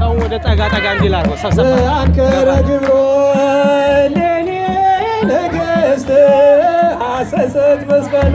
ሰው ወደ ጠጋ ጠጋ እንዲል አርጎ ሰብሰብ አንከረ ግብሮ ሌኔ ነገስት አሰሰት መስቀሎ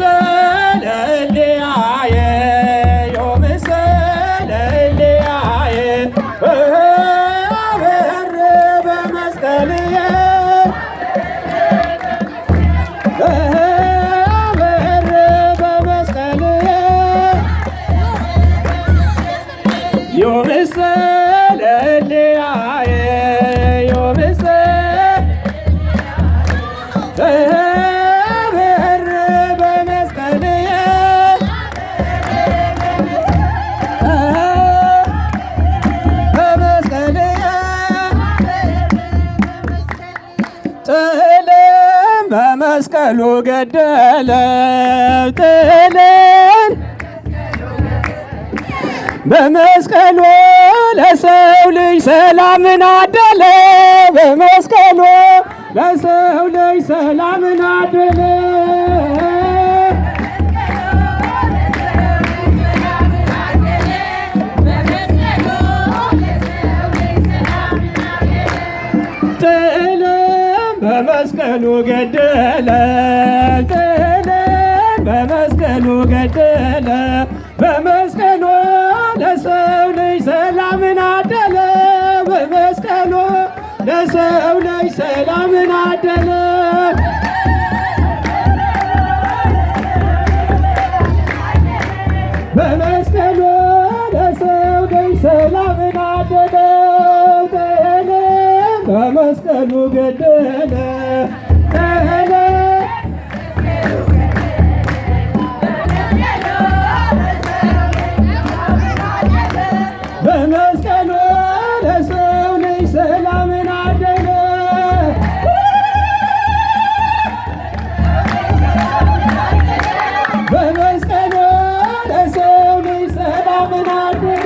ዮብሰለልያየ ዮብሰ በበር ጥልን በመስቀሉ ገደለ ጥልን በመስቀሉ ለሰው ልጅ ሰላምን አደለ በመስቀሉ ለሰው ልጅ ሰላምን አደለ በመስቀሉ በመስቀሉ ገደለ በመስቀሉ ለሰው ልጅ ሰላምን አደለ በመስቀሉ ለሰው ልጅ ሰላምን አደለ በመስቀሉ ለሰው ልጅ ሰላምን አደለ በመስቀሉ ገደለ በመስቀሉ ለሰው ልጅ ሰላምን አደለ። በመስቀሉ ለሰው ልጅ ሰላምን አደለ።